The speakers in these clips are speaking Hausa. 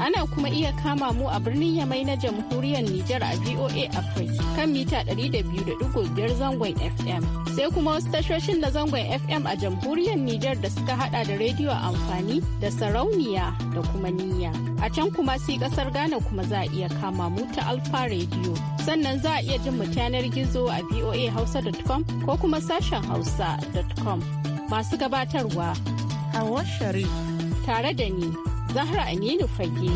Ana kuma iya kama mu a birnin Yamai na jamhuriyar Nijar a VOA Africa kan mita 200.5 zangon FM. Sai kuma wasu tashoshin da zangon FM a jamhuriyar Nijar da suka hada da rediyo amfani da sarauniya da kuma niyya. A can kuma sai kasar Ghana kuma za a iya kama mu ta Alfa Radio. Sannan za a iya jin mu yanar gizo a voahausa.com ko kuma sashen hausa.com. Masu gabatarwa. Hawa Sharif. Tare da ni. Zahra Aminu Fage.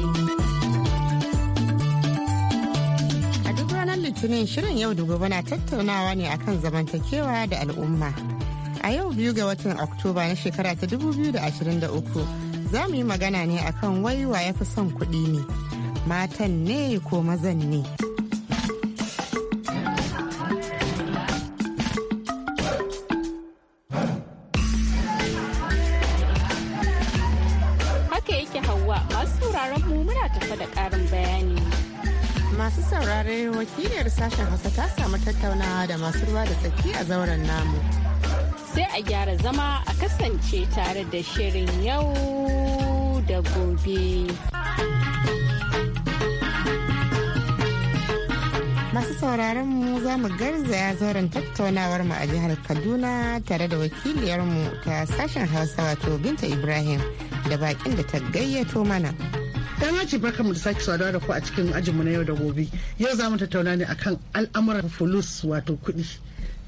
A duk ranar Litinin shirin yau da gobe na tattaunawa ne akan zamantakewa da al'umma. A yau biyu ga watan Oktoba na shekara ta 2023 za mu yi magana ne akan waiwa ya fi son kuɗi ne. Matan ne ko mazan ne. wakiliyar sashen hausa ta samu tattaunawa da masu ruwa da tsaki a zauren namu sai a gyara zama a kasance tare da shirin yau da gobe masu sauraron mu za mu garzaya zauren tattaunawar mu a jihar kaduna tare da wakiliyarmu ta sashen hausa wato binta ibrahim da bakin da ta gayyato mana Dama ce barka mu da sake saduwa da ku a cikin ajinmu na yau da gobe. Yau za mu tattauna ne akan al'amuran fulus wato kuɗi.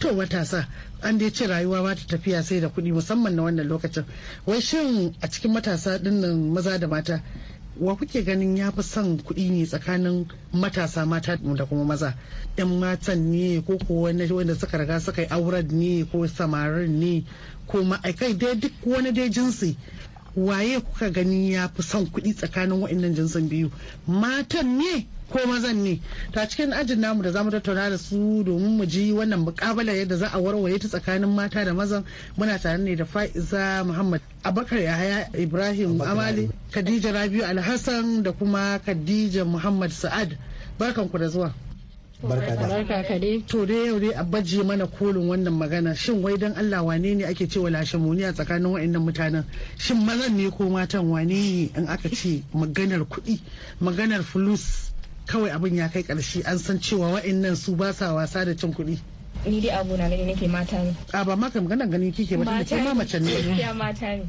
To matasa an dai ce rayuwa ba ta tafiya sai da kuɗi musamman na wannan lokacin. Wai shin a cikin matasa dinnan maza da mata wa kuke ganin ya fi son kuɗi ne tsakanin matasa mata da kuma maza Ɗan matan ne ko ko wanda suka riga suka yi auren ne ko samarin ne ko ma'aikai dai duk wani dai jinsi waye kuka gani ya fi son kuɗi tsakanin waɗannan jinsin biyu matan ne ko mazan ne ta cikin ajin namu da zamu tattauna da su domin mu ji wannan mukabala yadda za a warware ta tsakanin mata da mazan muna tare ne da Faiza Muhammad Abakar Yahaya Ibrahim Amali Khadija Rabiu Alhassan da kuma Khadija Muhammad Sa'ad barkanku da zuwa barka da barka ka dai to dai yau dai a baje mana kolin wannan magana shin wai dan Allah wane ne ake cewa a tsakanin waɗannan mutanen shin mazan ne ko matan wane ne in aka ce maganar kuɗi maganar fulus kawai abin ya kai ƙarshe an san cewa waɗannan su ba sa wasa da cin kuɗi ni dai abu na gani nake mata ne a ba ma maganar ganin kike ba tunda kai ma mace ne gaskiya mata ne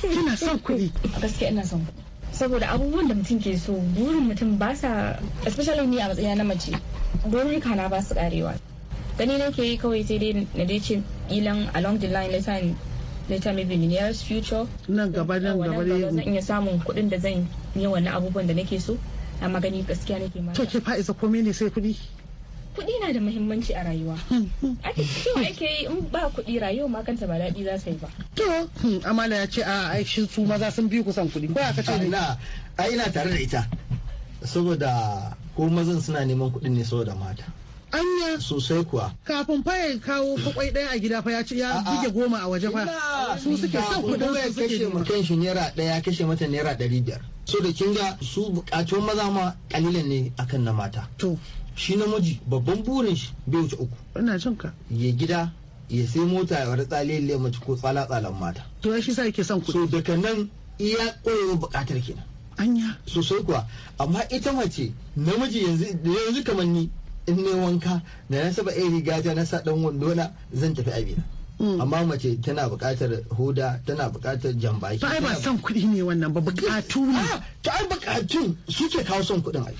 kina son kuɗi gaskiya ina son kuɗi saboda abubuwan da mutum ke so burin mutum ba sa especially ni a matsayi na mace burika na ba su karewa gani nake yi kawai sai dai na dai ce ilan along the line later later maybe in future nan gaba nan gaba zan iya samun kuɗin da zan yi wannan abubuwan da nake so amma gani gaskiya nake ma to ke fa komai ne sai kuɗi kuɗi na da muhimmanci a rayuwa hmm, hmm. ake cewa ake yi in ba kuɗi rayuwa ma kanta ba daɗi za su yi ba to hmm, amala ya ce a aishi su maza sun bi kusan kuɗi ko ka ce ina A ina tare da ita saboda ko mazan suna neman kuɗin ne saboda mata anya sosai kuwa kafin fa ya kawo kwakwai ɗaya a gida fa ya ci ya buge goma a waje fa su suke son kuɗin su suke kashe mutum shi naira ɗaya kashe mata naira ɗari biyar so da kin ga su bukatun maza ma ƙalilan ne akan na mata to shi namiji babban burin shi bai wuce uku ina jin ka ya gida ya sai mota ya wata tsaliyar mace ko tsala tsalan mata to shi sa yake son kuɗi so daga nan iya koyewa buƙatar kenan anya sosai kuwa amma ita mace namiji yanzu yanzu kamar ni in ne wanka da na saba iya riga ta na sa dan wando na zan tafi abina Mm. amma mace tana buƙatar huda tana buƙatar jambaki ba ai ba son kuɗi ne wannan ba buƙatu ne ah, ta ai su suke kawo son kuɗin ai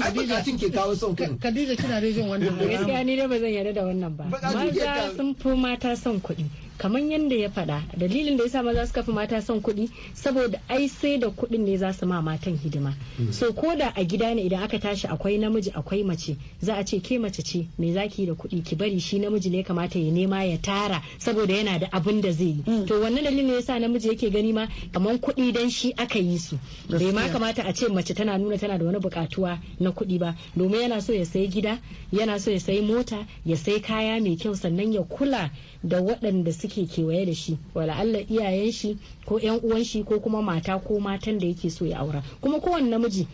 ai tun ke kawo son kuɗin Khadija kina da jin wannan gaskiya ni da ba zan yarda da wannan ba maza sun fi mata son kuɗi kamar yadda ya faɗa dalilin da ya yasa maza suka fi mata son kuɗi saboda ai sai da kuɗin ne za su ma matan hidima hmm. so ko da a gida ne idan aka tashi akwai namiji akwai mace za a ce ke mace ce me za zaki da kuɗi ki bari shi namiji ne kamata ya nema ya tara saboda yana da abin da zai yi hmm. to wannan dalilin ya sa namiji yake gani ma kamar kuɗi dan shi aka yi su bai ma kamata a ce mace tana nuna tana da wani buƙatuwa na kuɗi ba domin yana so ya sayi gida yana so ya sayi mota ya sayi kaya mai kyau sannan ya kula da waɗanda su suke kewaye da shi wala Allah iyayen shi ko yan uwan shi ko kuma mata ko matan da yake so ya aura kuma kowane namiji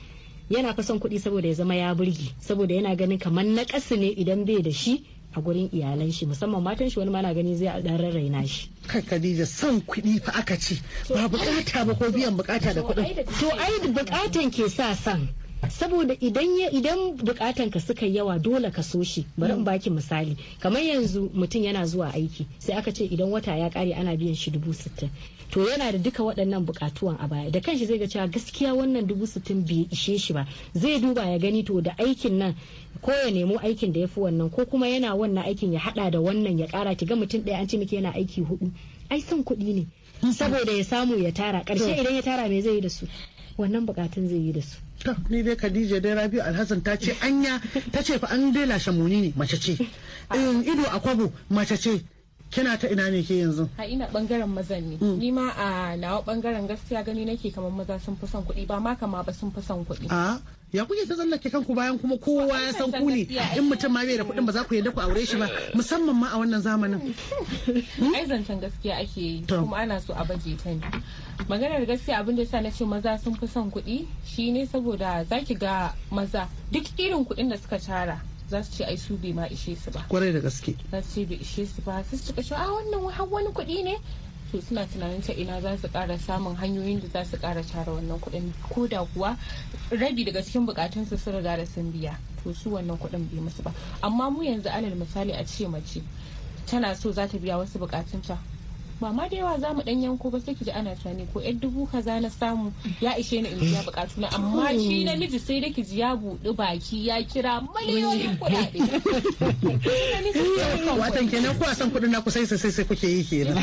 yana fa son kuɗi saboda ya zama ya burgi saboda yana ganin kamar na ne idan bai da shi a gurin iyalan shi musamman matan shi wani na gani zai dan rarraina shi kai Khadija son kuɗi fa aka ce ba bukata ba ko biyan bukata da kuɗin to ai bukatan ke sa san saboda idan ya idan bukatan ka suka yawa dole ka so shi bari in mm. baki misali kamar yanzu mutum yana zuwa aiki sai aka ce idan wata ya kare ana biyan shi dubu sittin to yana da duka waɗannan bukatuwan a baya da kanshi zai ga cewa gaskiya wannan dubu sittin bai ishe shi ba zai duba ya gani to da aikin nan ko ya nemo aikin da ya fi wannan ko kuma yana wannan aikin ya hada da wannan ya kara ki ga mutum ɗaya an ce miki yana aiki hudu ai son kuɗi ne mm. saboda ya samu ya tara ƙarshe idan ya tara me zai yi da su wannan bukatun zai yi da su ni dai Khadija dai rabi'u Alhassan ta ce anya ta ce fa an dai lashe muni ne mace ce ah. eh, ido a kwabo mace ce kina ta ina ne ke yanzu a ina bangaren mazan ne mm. ni ma a nawa bangaren gaskiya gani nake kamar maza sun fi son kuɗi ba ma kama ba sun fi son kuɗi ya kuke ta zallake kanku bayan kuma kowa ya san ku ne in mutum ma bai da kuɗin ba za ku yadda ku aure shi ba musamman ma a wannan zamanin ai zancen gaskiya ake yi kuma ana so a baje ta ne maganar gaskiya abin da yasa na ce maza sun fi son kuɗi shine saboda zaki ga maza duk irin kuɗin da suka tara za su ce ai su bai ma ishe su ba kwarai da gaske za su ce bai ishe su ba su su ce a ah, wannan har wani kuɗi ne to suna tunanin ta ina za su ƙara samun hanyoyin da za su ƙara tara wannan kuɗin ko da kuwa rabi daga cikin bukatun su sun riga da sun biya to su wannan kuɗin bai musu ba amma mu yanzu alal misali a ce mace tana so za ta biya wasu bukatunta ba ma da yawa za mu dan yanko ba sai ki ji ana tunani ko yar dubu kaza na samu ya ishe ni in biya bukatu na amma shi namiji sai da ki ji ya buɗi baki ya kira miliyoyin kuɗaɗe watan kenan ko a san kuɗin naku sai sai sai kuke yi kenan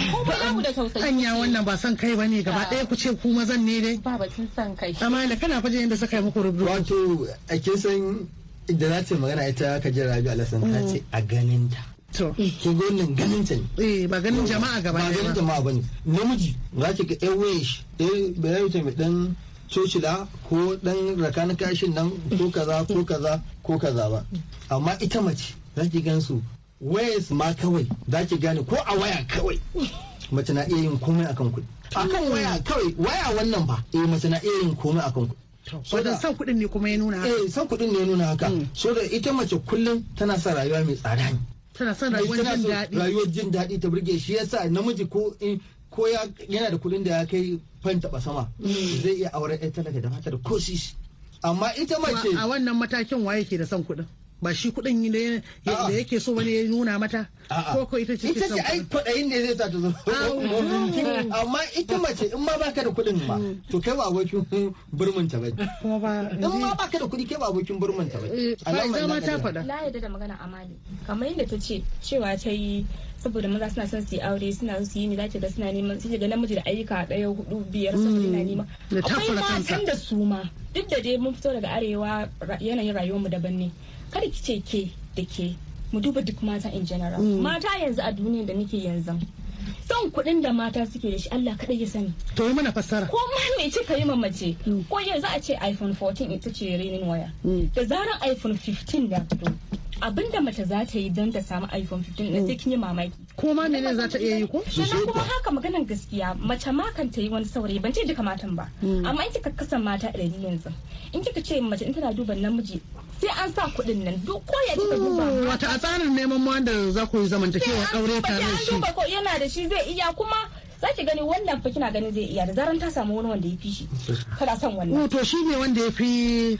anya wannan ba san kai bane gaba ɗaya ku ce ku mazan ne dai ba batun san kai amma kana fajin yadda saka yi muku rubutu wato ake san da na ce magana ita ka ji rabi alasan ta mm. ce a ganin ta to mm. kin ga wannan ganin ta eh ba ganin jama'a gaba ba ganin jama'a bane namiji za ki ga ɗan wayish eh bayan ta mai dan cocila ko dan rakanin kashin nan ko kaza ko kaza ko kaza ba amma ita mace za ki gan Waye su? ma kawai za ki gane ko a waya kawai mace na iya yin komai akan kuɗi akan mm. waya kawai waya wannan ba eh mace na iya yin komai akan kuɗi so san kuɗin ne kuma ya nuna haka eh san kuɗin ne ya nuna haka mm. so da ita mace kullum tana sa rayuwa mai tsada ne tana son rayuwar jin daɗi rayuwar jin daɗi ta burge shi yasa namiji ko in ko yana da kuɗin da ya kai fan taɓa sama mm. zai iya auren ƴan talaka da mata da ko amma ita mace a wannan matakin waye ke da son kuɗin ba shi ne da yake so wani ya nuna mata ko ko ita ce ita ce ai kudin ne zai ta ta zo amma ita mace in ma baka da kuɗin ma mm. to kai ba abokin burmun ta bai kuma ba in ma baka da kuɗi kai ba abokin burmun eh, ta bai alama ma ta faɗa la yadda da magana amali kamar yadda ta ce cewa ta yi saboda maza suna son su yi aure suna su yi ne zaki ga suna neman su ga namiji da ayyuka ɗaya hudu biyar saboda mm. na nima akwai matan da su ma duk da dai mun fito daga arewa yanayin rayuwar mu daban ne kada ki ce ke da ke mu duba duk mata in general mm. mata yanzu a duniya da nake yanzu son kuɗin da mata suke da shi Allah kaɗai ya sani. To yi mana fassara. Ko ma ce ka yi ma mace mm. ko yanzu a ce iPhone 14 ita ce renin waya. Mm. Da zaran iPhone 15 ya fito Abin da mace za ta yi don ta samu iphone 15 na sai kin yi mamaki ko ma menene za ta iya yi ko sannan kuma haka maganar gaskiya mace ma kan ta yi wani saurayi ban ce duka matan ba hmm. amma in kika kasan mata ɗari yanzu in kika ce mace in tana duban namiji sai an sa kuɗin nan duk ko ya kika duba hmm, wata a tsarin neman ma da za ku yi zamantakewa aure tare da shi yana da shi zai iya kuma zaki gani wannan fa kina ganin zai iya da zaran ta samu wani wanda ya fi shi kada son wannan to shi wanda ya fi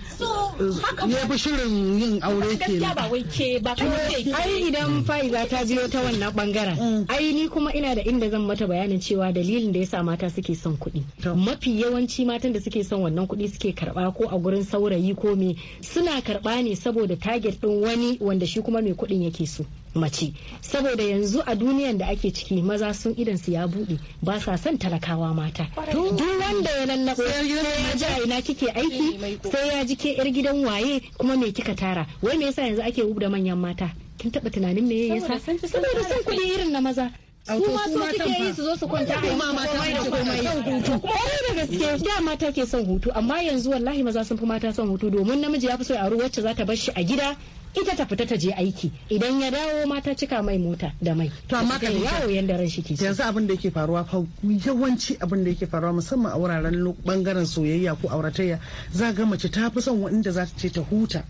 ya fi shirin yin aure ke gaskiya ba wai ke ba kuma ai idan faiza ta biyo ta wannan bangaren mm. ai ni kuma ina da inda zan mata bayanin cewa dalilin da yasa mata suke son kuɗi mafi yawanci matan da suke son wannan kuɗi suke karba ko a gurin saurayi ko me suna karba ne saboda target din wani wanda shi kuma mai kuɗin yake so mace saboda yanzu a duniyan da ake ciki maza sun idan su ya buɗe ba sa son talakawa mata duk wanda ya lallabo sai ya ji a ina kike aiki sai ya ji ke yar gidan waye kuma me kika tara wai me yasa yanzu ake da manyan mata kin taba tunanin me yasa saboda son kuɗi irin na maza su ma so suke yi su zo su kwanta a ma da komai da gaske da mata ke son hutu amma yanzu wallahi maza sun fi mata son hutu domin namiji ya fi so ya ruwa wacce za ta bar shi a gida ita ta fita ta je aiki idan ya dawo mata cika mai mota da mai to amma ka yawo yanda ran shi ke yanzu abin da yake faruwa fa yawanci abin da yake faruwa musamman a wuraren bangaren soyayya ko auratayya za ga mace ta fi son wanda za ta ce ta huta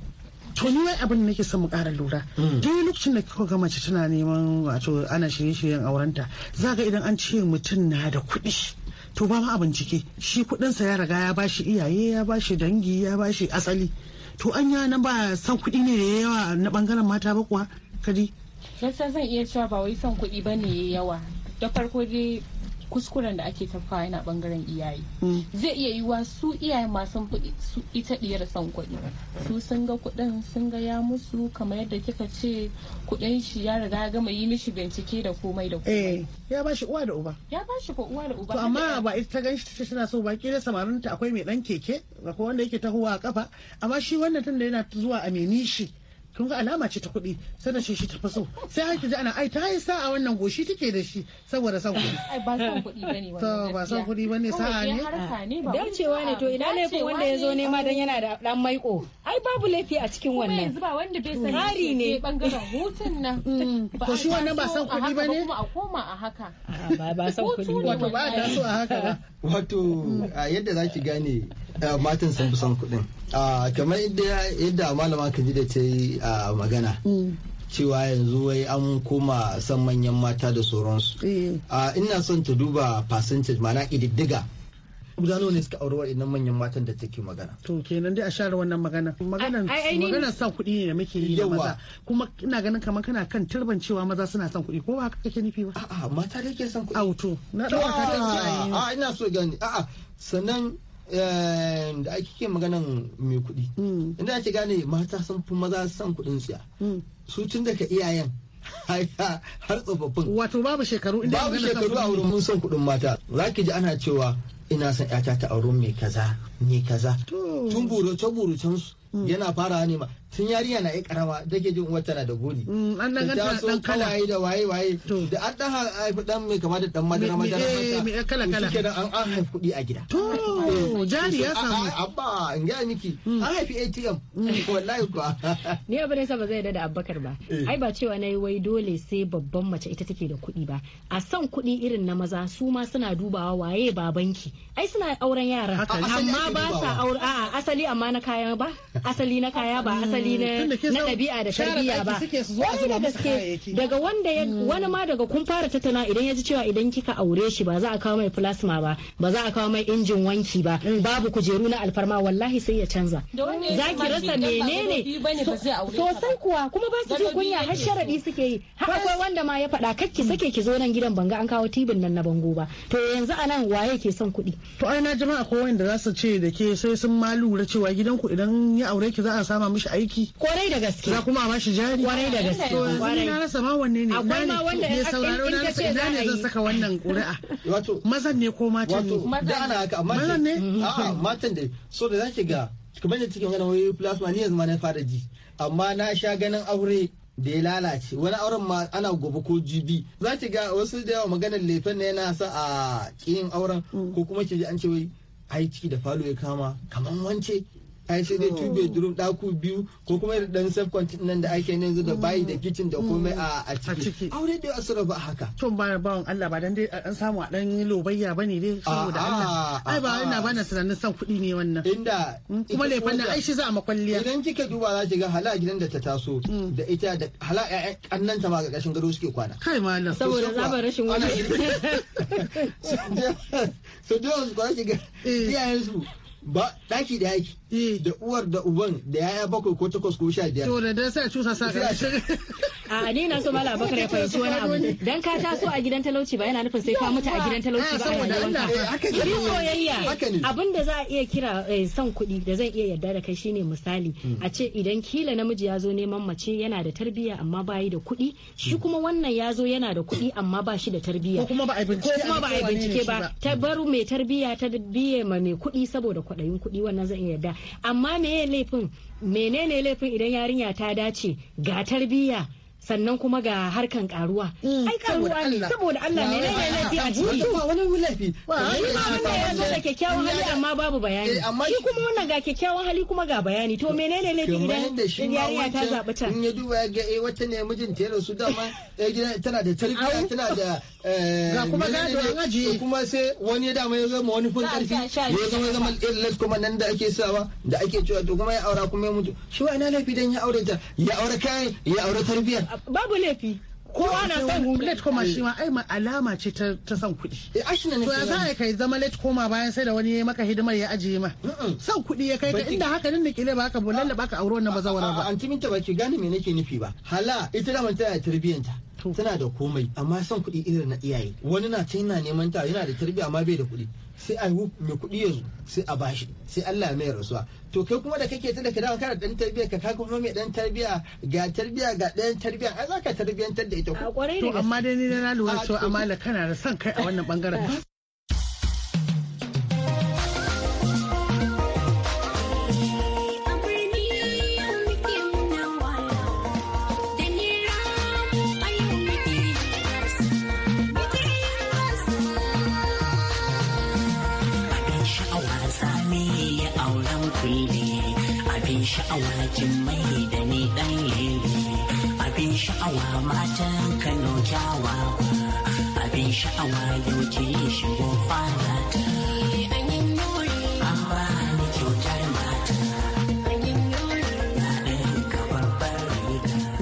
to ni wai abin nake son mu ƙara lura hmm. duk lokacin da kika ga mace tana neman wato ana shirye-shiryen aurenta za ga idan an ce mutum na da kuɗi to ba ma a bincike shi kuɗinsa ya riga ya bashi iyaye ya bashi dangi ya bashi asali to anya ba san kuɗi ne da yawa na bangaren mata ba kuwa kadi gaskiya zan iya cewa ba wai son kuɗi ba ne yawa da farko dai kuskuren da ake tafawa yana bangaren iyaye mm. zai iya yiwa su iyaye masu su ita diyar son kuɗi su sun ga kuɗin sun ga ya musu kamar yadda kika ce kuɗin shi ya riga gama yi mishi bincike da komai da komai eh, ya bashi uwa da uba ya bashi ko uwa da uba to amma ba ita ta ganshi ta tana so ba samarin ta akwai mai dan keke ga ko wanda yake tahowa a kafa amma shi wannan tun da yana zuwa a shi kun ga alama ce ta kuɗi sanar shi shi ta faso sai haka ji ana ai ta yi sa'a wannan goshi take da shi saboda son kuɗi ba son kuɗi bane ba son kuɗi bane sa'a ne dacewa ne to ina laifin wanda ya zo nema dan yana da dan maiko ai babu laifi a cikin wannan yanzu ba wanda bai san hari ne bangaren hutun nan mm. to shi wannan ba son kuɗi bane kuma a koma a haka ba ba son kuɗi wato ba da so a haka ba wato yadda zaki gane Eh, matan sun fi son kuɗin ah, kamar yadda malama ji da ta yi ah, magana mm. cewa yanzu wai an koma san manyan mata da sauransu eh. ah, ina son ta duba percentage mana ƙididdiga guda nawa ne suka auri waɗannan manyan matan da take magana. To kenan dai a share wannan magana. Maganan maganan san kuɗi ne da muke yi maza. Kuma ina ganin kamar kana kan turban cewa maza suna son kuɗi ko ba haka kake nufi ba? A'a mata da ke son kuɗi. Auto. Na ɗauka ta ce A ina so gani. A'a sannan Eh, da ake maganan mai kuɗi hmm. inda ake gane mata sun fi maza san kuɗin siya hmm. su tun daga iyayen har tsofaffin wato babu shekaru inda babu shekaru a wurin mun san kuɗin mata za ki ji ana cewa ina son ƴata ta auren mai kaza ni kaza tun burace buracensu hmm. yana fara ne ma tun yarinya na yi karama take jin uwar tana da goli mm, an daga ta ɗan kala da waye waye da an ɗan haifi dan mai kama da ɗan madara madara haka eh, eh, kala kala shike da an an haifi kudi a gida to jari ya samu abba in ga miki mm. an haifi ATM mm. wallahi kuwa ni abu ne ba zai da Abubakar ba eh. ai ba cewa nayi wai dole sai babban mace ita take da kuɗi ba a san kuɗi irin na maza su ma suna dubawa waye ba banki ai suna auren yara amma ba sa aure a'a asali amma na kaya ba asali na kaya ba asali asali na ɗabi'a da tarbiyya ba wani da gaske daga wanda hmm. wani ma daga kun fara tattauna idan ya ji cewa idan kika aure shi ba za a kawo mai plasma ba ba za a kawo mai injin wanki ba hmm. babu kujeru na alfarma wallahi sai ya canza za ki rasa menene sosai kuwa kuma ba su jin kunya har sharaɗi suke yi har akwai wanda ma ya faɗa ki sake ki zo nan gidan banga an kawo tibin nan na bango ba to yanzu anan waye ke son kuɗi to ai na jama'a ko wanda za su ce da ke sai sun ma lura cewa ku idan ya aure ki za a sama mishi aiki ciki kwarai da gaske za kuma a shi jari kwarai da gaske kwarai na rasa ma wanne ne akwai ma wanda ya sauraro na rasa ina ne zan saka wannan ƙuri'a wato mazan ne ko matan ne da ana haka amma mazan ne a'a matan da so da zaki ga kamar da cikin ganin wayoyi plasma ni yanzu ma na fara ji amma na sha ganin aure da ya lalace wani auren ma ana gobe ko jibi za ki ga wasu da yawa maganar lefen na yana sa a kin auren mm. ko kuma ke ji an ce wai ai ciki da falo ya kama kamar wance ai sai dai tube durum daku biyu ko kuma da dan sub nan da ake ne da mm. bayi da kitchen da komai a mm. ciki aure dai a asura ba haka to ba bawan Allah ba dan dai an samu a dan lobayya bane dai saboda Allah ai ba ina bana sanannen san kuɗi ne wannan inda mm, kuma laifin fanna ai shi za a makwalliya idan kika duba za ki ga hala gidan da ta taso da ita da hala ƴaƴan ta ma ga kashin gado suke kwana kai mallam saboda za ba rashin wani so dole ku kwana ki ga eh. iyayen su ba daki da yaki eh da uwar da uban da yaya bakwai ko takwas ko sha biyar. To da dan sai cusa sa ka. A ni na so mala Abubakar ya fahimci wani abu. Dan ka taso a gidan talauci ba yana nufin sai ka mutu a gidan talauci ba. Ah, saboda Allah. Ni soyayya. Abin da za a iya kira eh, son kuɗi da zan iya yarda da kai shine misali. Hmm. A ce idan kila namiji ya zo neman mace yana da tarbiyya amma bayi da kuɗi shi hmm. kuma wannan ya zo yana da kuɗi amma ba shi da tarbiyya. Ko kuma ba a bincike ba. Ta baro mai tarbiyya ta biye ma mai kuɗi saboda kwaɗayin kuɗi wannan zan iya yarda. amma meye laifin menene laifin idan yarinya ta dace ga tarbiyya sannan kuma ga harkan karuwa mm. ai karuwa ne saboda Allah ne ne laifi a ciki ba wani laifi ba wani ya zo da kyakkyawan hali amma babu bayani eh, shi kuma wannan ga kyakkyawan hali kuma ga bayani to menene laifi idan yarinya ta zabi ta in ya duba ga eh wata ne mijin ta su? dama eh gida tana da tarbiyya tana da eh, ga kuma gado an ajiye kuma sai wani ya dama ya zama wani fun karfi ya zama zama illat kuma nan da ake sawa da ake cewa to kuma ya aura kuma ya mutu shi wa ina laifi dan ya aure ta ya aure kai ya aure tarbiyyar babu laifi kowa na son late koma shi ma ai alama ce ta son kuɗi. Eh, to ya za kai zama late koma bayan sai da wani ya maka hidimar ya ajiye ma. Son kuɗi ya kai ka inda haka nan da kile ba haka bolalla ba ka auro wannan ba zawara ba. Anti minta ba ke gane me nake nufi ba. Hala ita da tana tarbiyyanta. Tana da komai amma son kuɗi irin na iyaye. Wani na ta yana neman ta yana da tarbiyya amma bai da kuɗi. sai a mai kuɗi yanzu sai a bashi sai Allah mai rasuwa to kai kuma da kake ta da ka dawo kana dan tarbiyya ka ka kuma mai dan tarbiyya ga tarbiyya ga dan tarbiyya ai zaka tarbiyantar da ita ko to amma dai ni na lura cewa amala kana da son kai a wannan bangaren sha'awa mai da ni dan lele abin sha'awa matan kano kyawawa abin sha'awa yau ke shigo fara ta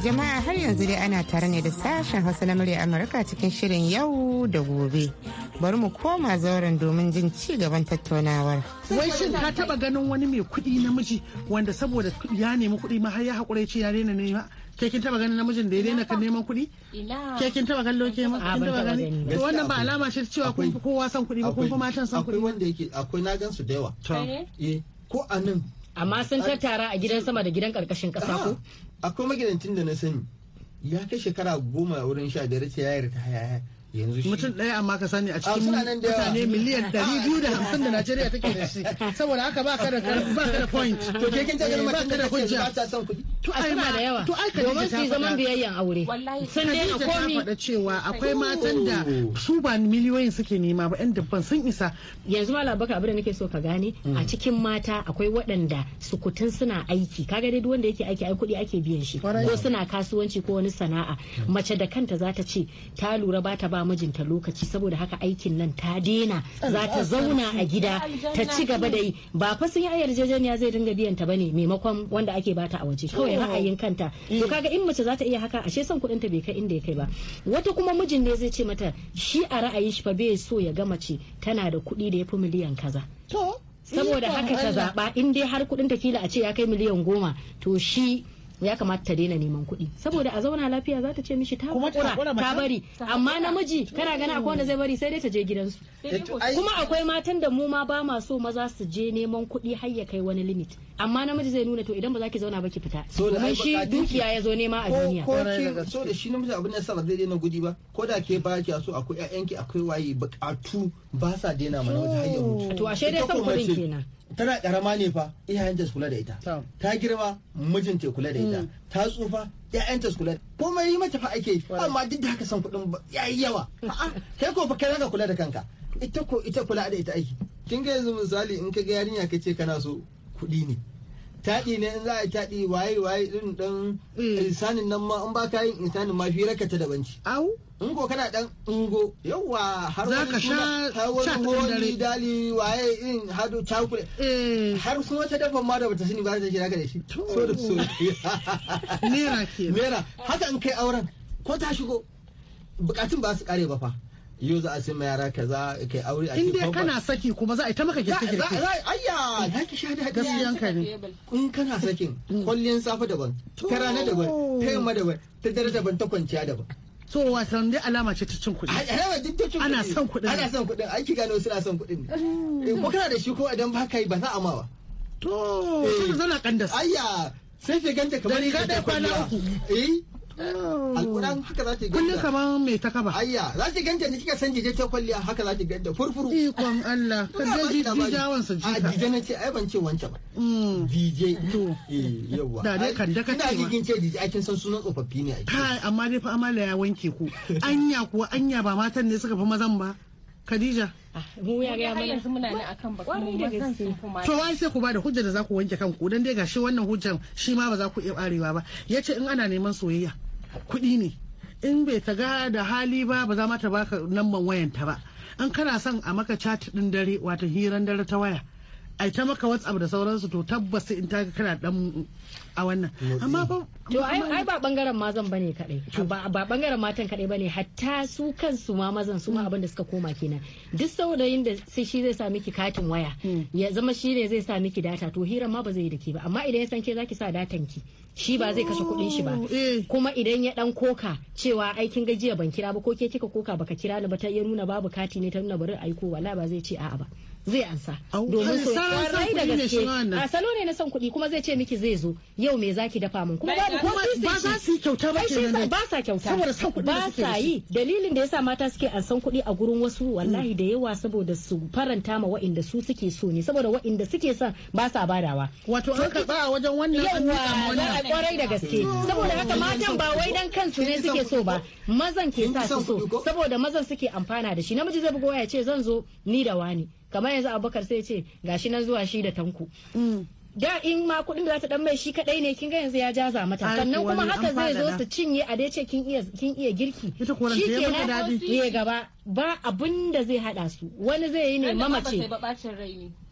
jama'a har yanzu dai ana tare ne da sashen hausa na murya amurka cikin shirin yau da gobe bari mu koma zauren domin jin ci gaban tattaunawar. Wai shin ka taba ganin wani mai kuɗi namiji wanda saboda ya nemi kuɗi ma har ya haƙura ya ce ya daina nema ke kin taba ganin namijin da ya daina kan neman kuɗi? Ke kin taba ganin loke ma kin taba gani? To wannan ba alama ce cewa kun fi kowa son kuɗi ba kun fi matan son kuɗi. Akwai wanda yake akwai na gan su da yawa. Eh? Eh, ko a nan. Amma sun tattara a gidan sama da gidan karkashin ƙasa ko? Akwai magidancin da na sani ya kai shekara goma wurin sha biyar ta yayar ta haya yanzu shi mutum ɗaya amma ka sani a cikin mutane miliyan 250 biyu da hamsin da Najeriya take da shi saboda haka ba ka da ba ka da point to ke kin tagar ka da hujja to ai ma da yawa to ai ka domin shi zaman biyayyan aure sun dai a komi faɗa cewa akwai matan da su ba miliyoyin suke nema ba ɗan dabban sun isa yanzu ma baka abin da nake so ka gane mm. a cikin mata akwai waɗanda sukutun suna aiki kaga dai duk wanda yake aiki ai kuɗi ake biyan shi ko suna kasuwanci ko wani sana'a mm. mace da kanta za ta ce ta lura ba ta ba mijinta lokaci saboda haka aikin nan ta dena za ta zauna a gida ta ci gaba da yi ba fa sun yi ayar yarjejeniya zai dinga biyan ta bane maimakon wanda ake bata a waje kawai ra'ayin kanta to eh. kaga in mace za ta iya haka ashe son kudin ta bai kai inda ya kai ba wata kuma mijin ne zai ce mata shi a ra'ayin shi fa bai so ya ga mace tana da kuɗi da ya fi miliyan kaza saboda haka ta zaɓa in dai har kudin ta kila a ce ya kai miliyan goma to shi ya kamata ta daina neman kuɗi saboda a zauna lafiya za ta ce mishi ta kura ta bari amma namiji kana gana akwai wanda zai bari sai dai ta je gidansu eh, kuma akwai matan da mu ma ba ma so maza su je neman kuɗi har ya kai wani limit amma namiji zai nuna to idan ba za ki zauna ba ki fita domin shi dukiya ya zo nema a duniya ko so da shi namiji abin da sa ba zai daina gudi ba ko da ke ba ki so akwai ƴaƴanki akwai waye bukatu ba sa daina mana wata hanyar mutu to ashe dai san kuɗin kenan tana karama ne fa iyayenta su kula da ita ta girma mijinta kula da ita mm. ta tsufa iyayenta su kula da komai yi mata fa ake amma duk da haka san kuɗin yayi yawa a'a kai ko fa kai ka kula da kanka ita ko ita kula da ita aiki kin ga yanzu misali in ka ga yarinya kace kana so kuɗi ne taɗi ne in za a taɗi waye waye irin dan mm. insanin nan ma in ba ka yin insanin ma fi raka ta daban ci au in ko kana dan ungo yawa har wani sha wani dali waye in hadu chocolate eh. har kuma ta dafa ma da bata sani ba ta kira ka da shi so da so nera ke nera haka in kai auren ko ta shigo bukatun ba su kare ba fa yau za a sima yara kaza kai aure a cikin kwamfan. kana saki kuma za a ta maka girke girke. Za a ayya za ki sha daɗi. Gaskiyan ka ne. In kana sakin mm. kwalliyan safe daban, ta rana daban, ta yamma daban, ta dare daban, ta kwanciya daban. so wasan dai alama ce ta cin kuɗi eh, ana son kuɗin ana son kuɗi aiki gano suna son kuɗi ne mm. eh, ko kana da shi ko idan ba ka yi ba za a ma to eh. sai zana kandas ayya sai ke ganta kamar da riga da kwana uku eh alkuran haka za ki ganta kullum kamar mai ta kaba ayya za ki ganta ni kika san jije ta kwalliya haka za ki da. furfuru ikon Allah ka je jijawan sa jika a jije na ce ai ban ce wancan ba mm. Jije: to eh, yawa da dai kan da kace ina jikin ce Jije ai kin san sunan tsofaffi ne ai kai amma dai fa amala ya wanke ku anya kuwa anya ba matan ne suka fi mazan ba Khadija. Ah, mu ya ga mana yanzu muna nan akan baka mu mazan sun kuma. To wai sai ku ba da hujja da za ku wanke kanku dan dai gashi wannan hujjan shi ma ba za ku iya barewa ba. Yace in ana neman soyayya kuɗi ne in bai ta ga da hali ba ba za ma ta baka nan wayanta ba an kana son a maka chat din dare wato hiran dare ta waya a ta maka whatsapp da sauransu to tabbas in ta kana dan a wannan amma ba to ai ba bangaren mazan bane kadai ba bangaren matan kadai bane hatta su kansu ma mazan su ma abin da suka koma kenan duk saurayin da sai shi zai sa miki katin waya hmm. ya zama shi ne zai sa miki data to hiran ma ba zai yi da ke ba amma idan ya san ke zaki sa datan ki shi ba zai kashe kuɗin shi ba oh, eh. kuma idan ya dan koka cewa aikin gajiya ban kira ba ko ke kika koka baka kira ni ba ta ya nuna babu kati ne ta nuna bari aiko wala ba zai ce a'a ba zai ansa domin so kwarai da gaske a salo ne na son kuɗi kuma zai ce miki zai zo yau me zaki dafa mun kuma babu ko ba za su kyauta ba kenan ba sa kyauta saboda son kuɗi ba sa yi dalilin da yasa mata suke ansan kuɗi a gurin wasu wallahi da yawa saboda su faranta ma wa'inda su suke so ne saboda wa'inda suke son ba sa badawa wato an karba a wajen wannan yawa za a kwarai da gaske saboda haka matan ba wai dan kansu ne suke so ba mazan ke sa su so saboda mazan suke amfana da shi namiji zai bugo ya ce zan zo ni da wani kamar yanzu abubakar sai ce gashi nan zuwa shi da tanko mm. da in ma kuɗin da za ta dan mai shi kadai ne kin ga yanzu ya jaza mata sannan kuma haka zai zo su cinye a dai ce kin iya kin iya girki shi ke na ya gaba ba abin da zai hada su wani zai yi ne mamace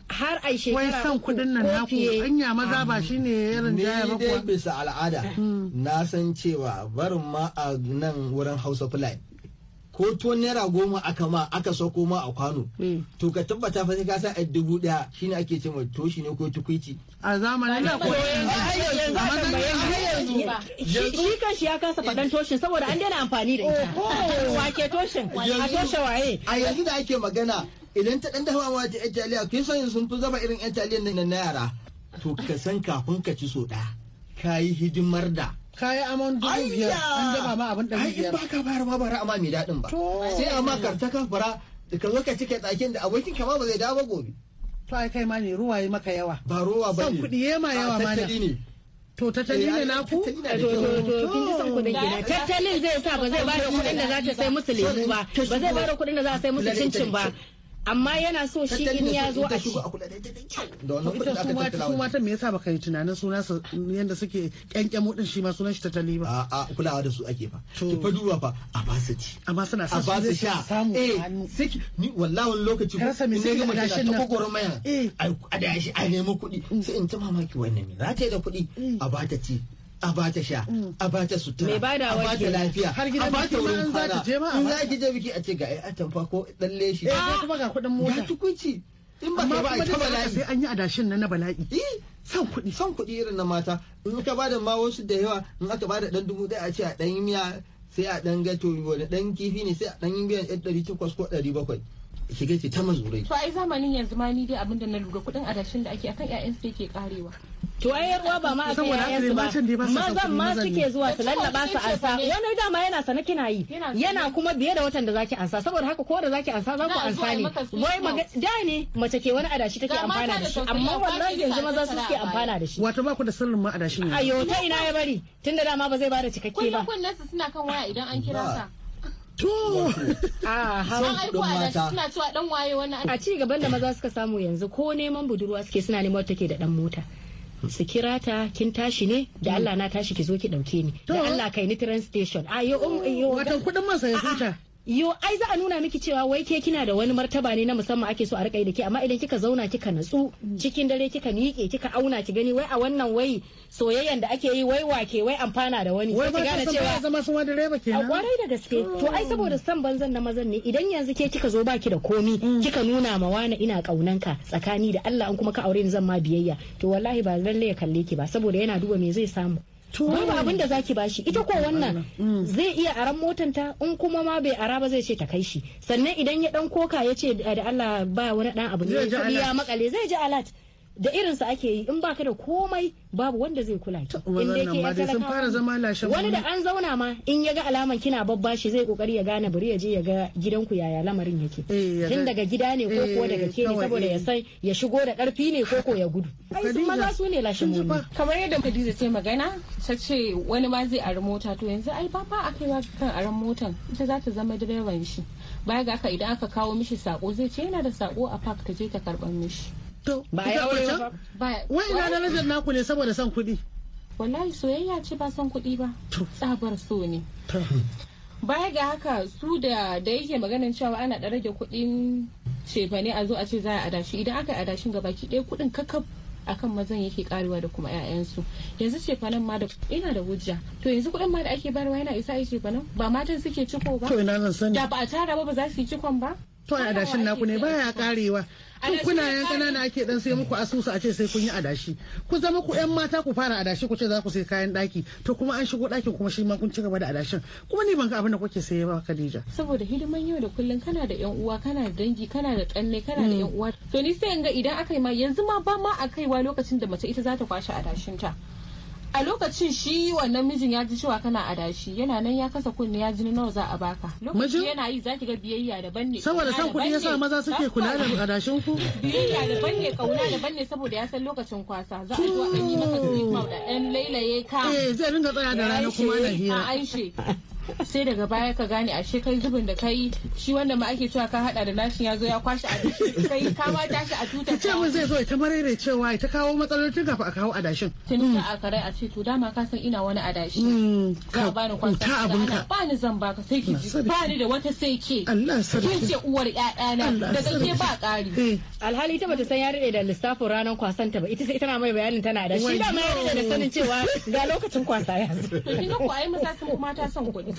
har ai shekara san kudin nan ku anya maza ba shine irin jaya ba dai bisa al'ada mm. na san cewa barin ma a nan wurin Hausa Fulani ko tuwon naira goma aka ma aka sauko ma a kwano mm. to ka tabbata fa sai ka sa a dubu daya shine ake ce mai toshi ne ko tukuici a zamanin da ko yanzu shi kan shi ya kasa faɗan toshin saboda an daina amfani da ita wake toshin a toshe waye a yanzu da ake magana idan ta dan dafa ma ta yan taliya kin san sun fi zama irin yan taliyan nan na yara to ka san kafin ka ci so ɗaya ka yi hidimar da kaya aman dubu biyar an dafa ma abin ɗari biyar. Ai baka bayar ma bara amma mai daɗin ba. Sai amma karta ka fara ka zo ka cike tsakin da abokin ka ma ba zai dawo gobe. To ai kai ma ne ruwa yi maka yawa. Ba ruwa ba ne. Son kuɗi yema yawa ma ne. To tattali ne eh, na ku? Eh, to kin ji son kuɗin gida. Tattalin zai sa ba zai ba da kuɗin da za ta sai musu lemu ba. Ba zai ba da kuɗin da za ta sai musu cincin ba. amma yana so shi in ya zo a ci ita su mata me yasa baka yi tunanin suna su yanda suke kyankyamo din shi ma sunan shi tattali ba a kulawa da su ake fa ki fa duba fa a ba su ci amma suna sa su sha eh siki ni wallahi wani lokaci ne ga mace ta kokorin maya eh. a da shi a nemi kuɗi mm. sai in ta mamaki wannan me za ta yi da kuɗi mm. a ba ta ci a bata sha mm. a bata sutura a bata lafiya a bata wurin kwana in za ki je biki a ce ga ai atamfa ko dan leshi eh kuma ga kudin mota ga tukunci in ba ka ba ka bala'i sai an yi adashin na na bala'i eh, son kuɗi son kuɗi irin na mata in ka bada ma wasu da yawa in aka bada dan dubu ɗaya a ce a dan yi miya sai a dan gato wani dan kifi ne sai a dan yi biyan ɗari takwas ko ɗari bakwai shiga ce ta mazurai to ai zamanin yanzu ma ni dai abin da na lura kuɗin adashin da ake akan ƴaƴan su ke karewa to ai yar ba ma aka ƴaƴansu ba mazan ma suke zuwa su lallaba su ansa wani dama yana sana kina yi yana kuma biye da watan da zaki ansa saboda haka ko da zaki ansa za ku ansa ne wai da ne mace ke wani adashi take amfana da shi amma wallahi yanzu maza su suke amfana da shi wato ba ku da sanin ma adashin ne ayo ta ina ya bari tunda dama ba zai bada cikakke ba kullun suna kan waya idan an kira sa To! Ah, a suna cewa dan waye wani A ci gaban da maza suka samu yanzu ko neman budurwa suke suna neman wata take da dan mota. su kira ta kin tashi ne da Allah na tashi ki zo ki dauke ni da Allah kai ni train station a ah, um, yo watan kudin man sai huta yo ai za a nuna miki cewa wai ke kina da wani martaba ne na musamman ake so a yi da ke amma idan kika zauna kika natsu cikin dare kika miƙe kika auna ki gani wai a wannan wai soyayyan da ake yi wai wake wai amfana da wani sai gane cewa zama sun wani direba kenan a kwarai da gaske to ai saboda san banzan na mazan ne idan yanzu ke kika zo baki da komi mm. kika nuna ma wani ina kaunanka tsakani da Allah an kuma ka aure ni zan ma biyayya to wallahi ba lalle ya kalle ki ba saboda yana duba me zai samu babu abin da zaki bashi ita ko wannan mm. zai iya aran motan ta in kuma ma bai ara ba zai ce ta kai shi sannan idan ya dan koka ya ce da Allah ba wani dan abu ne ya makale zai ji alat da irinsa ake yi in baka da komai babu wanda zai kula ki in da ke ya talaka wani da an zauna ma in ya ga alaman kina babba shi zai kokari ya gane bari ya je ya ga gidanku yaya lamarin yake eh, tun daga gida ne ko ko daga eh, ke ne saboda ya eh. san ya shigo da karfi ne ko ko ya gudu ai su maza su ne lashin mu kamar yadda Khadija ce magana ta ce wani ma zai ari mota to yanzu ai ba akai ba kan aran motan ita za ta zama direban shi baya ga haka idan aka kawo mishi sako zai ce yana da sako a park ta je ta karban mishi To, ba aure ba. Wai ina darajar naku ne saboda son kuɗi. Wallahi soyayya ce ba son kuɗi ba. Tsabar so ne. Baya ga haka su da da yake maganin cewa ana da rage kuɗin cefane a zo a ce za a adashi idan aka yi adashin gabaki ɗaya kuɗin kakab akan mazan yake karuwa da kuma 'ya'yansu yanzu cefanen ma da ina da hujja to yanzu kuɗin ma da ake bayarwa yana isa a cefanen ba matan suke ciko ba da ba a tara ba ba za su yi cikon ba to a adashin naku ne baya karewa tun kuna yan kanana ake dan sai muku asusu a ce sai kun yi adashi ku zama ku yan mata ku fara adashi ku ce za ku sai kayan daki to kuma an shigo dakin kuma shi ma kun ci gaba da adashin kuma ne ban ga abin da kuke sai ba Khadija saboda hidiman yau da kullun kana da yan uwa kana da dangi kana da kanne kana da mm. yan uwa to ni sai in ga idan aka yi ma yanzu ma ba ma a wa lokacin da mace ita za ta kwashe adashin ta a lokacin shi wannan mijin ya ji cewa kana adashi yana nan ya kasa kunni ya ji nawa za a baka lokacin yana yi zaki ga biyayya daban ne saboda san kuɗi yasa maza suke kula da adashin ku biyayya daban ne kauna daban ne saboda ya san lokacin kwasa za a zo a yi maka sweet da ɗan lailaye ka eh zai ringa tsaya da rana kuma na hira aishe sai daga baya ka gane ashe kai zubin da kai shi wanda ma ake cewa ka hada da nashin ya zo ya kwashi adashin kai kama ta shi a tuta ce mun zai zo ta marere cewa ta kawo matsalar tun kafin a kawo adashin tun mm. da aka rai a ce to dama ka san ina wani adashi mm. ka ba ni kwanta ka ba ni zan baka sai ki ji ba ni da wata sai ke Allah sarki ke ce uwar ƴaƴana da ke ba ƙari eh. alhali ta bata san ya rade da lissafin ranar kwasan ta ba ita sai tana mai bayanin tana da shi da mai da sanin cewa ga lokacin kwasa ya zo kin ga ku ai mata sun mata son kuɗi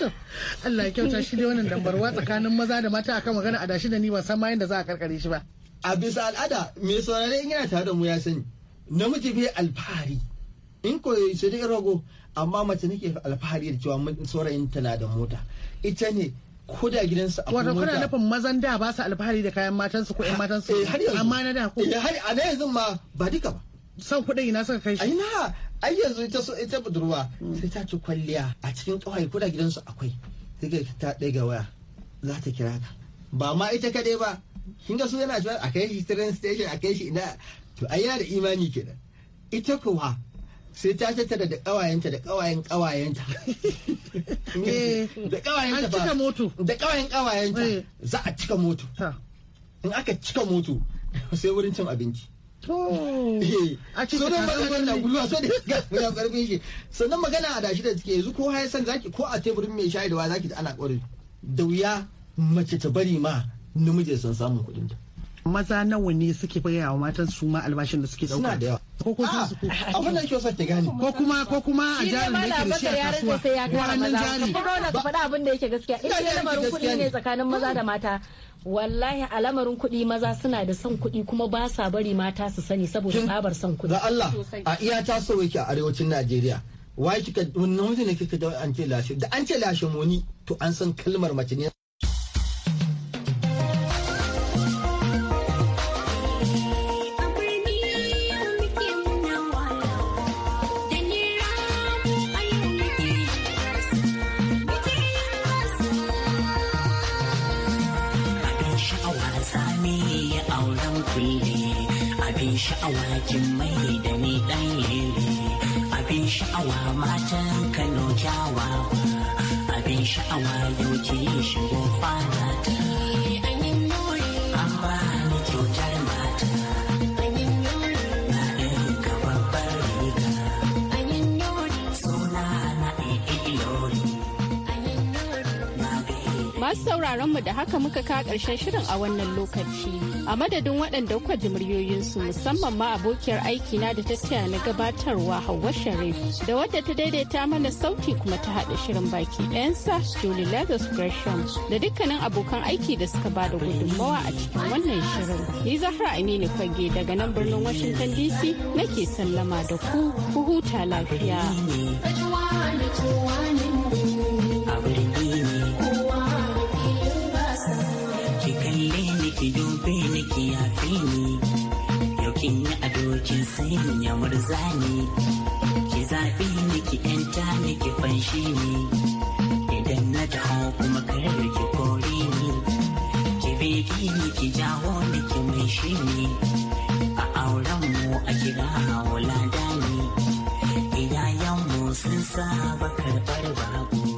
Allah ya kyauta shi dai wannan dambarwa tsakanin maza da mata akan magana a dashi da ni ban san ma yadda za a karkare shi ba. A bisa al'ada mai saurare in yana tare da mu ya sani namiji bai alfahari in ko shi da rago amma mace nake alfahari da cewa saurayin tana da mota ita ne ko da gidansu a wato kana nufin mazan da ba su alfahari da kayan matansu ko 'yan matansu eh, amma na da ko eh, har a yanzu ma ba duka ba san kuɗin ina suka kai shi ina ai yanzu ita so ita budurwa hmm. sai ta ci kwalliya a cikin kawai ko da gidansu akwai sai ta ɗaga waya za ta kira ka ba ma ita kaɗai ba kin ga su yana cewa a kai shi train station a kai shi ina to ai yana da imani kenan ita kuwa sai ta tattara da kawayenta da kawayen kawayenta eh. da kawayenta ba moto da kawayen kawayenta eh. za a cika moto in aka cika moto sai wurin cin abinci Eh, sunan magana na gulwa so da ga ya karfin shi sannan magana a dashi da suke yanzu ko haya san zaki ko a teburin mai shayi da wa zaki da ana kwarin da wuya mace ta bari ma namiji sun samun kuɗin ta maza nawa ne suke bayyana wa matan su ma albashin da suke dauka da yawa ko ko su ah, ko ta ko kuma ko kuma a jarin da yake da shi a kasuwa ko wannan jari ba ka faɗa abin da yake gaskiya in lamarin kuɗi ne tsakanin maza da mata wallahi a lamarin kuɗi maza suna da son kuɗi kuma ba sa bari mata su sani saboda tsabar son kuɗi. Da Allah a iya ta so yake a arewacin Najeriya. Wai kika wannan mutum ne kika da an ce lashe da an ce lashe moni to an san kalmar mace ne 学一学。masu sauraron mu da haka muka ka ƙarshen shirin a wannan lokaci. A madadin waɗanda kuka ji muryoyinsu musamman ma abokiyar aiki na da ta na gabatarwa Hauwa Sharif da wadda ta daidaita mana sauti kuma ta haɗa shirin baki ɗayansa Julie Lazarus Gresham da dukkanin abokan aiki da suka ba da gudummawa a cikin wannan shirin. Ni Zahra Aminu Fage daga nan birnin Washington DC nake sallama da ku ku huta lafiya. kin sai ni ya murza ni ki zafi ni ki yanta ni ki fanshi ni idan na dawo kuma kar ki kori ni ki bege ni ki jawo ni ki mai ni a auren mu a kira a wulada ni iyayen mu sun saba karɓar babu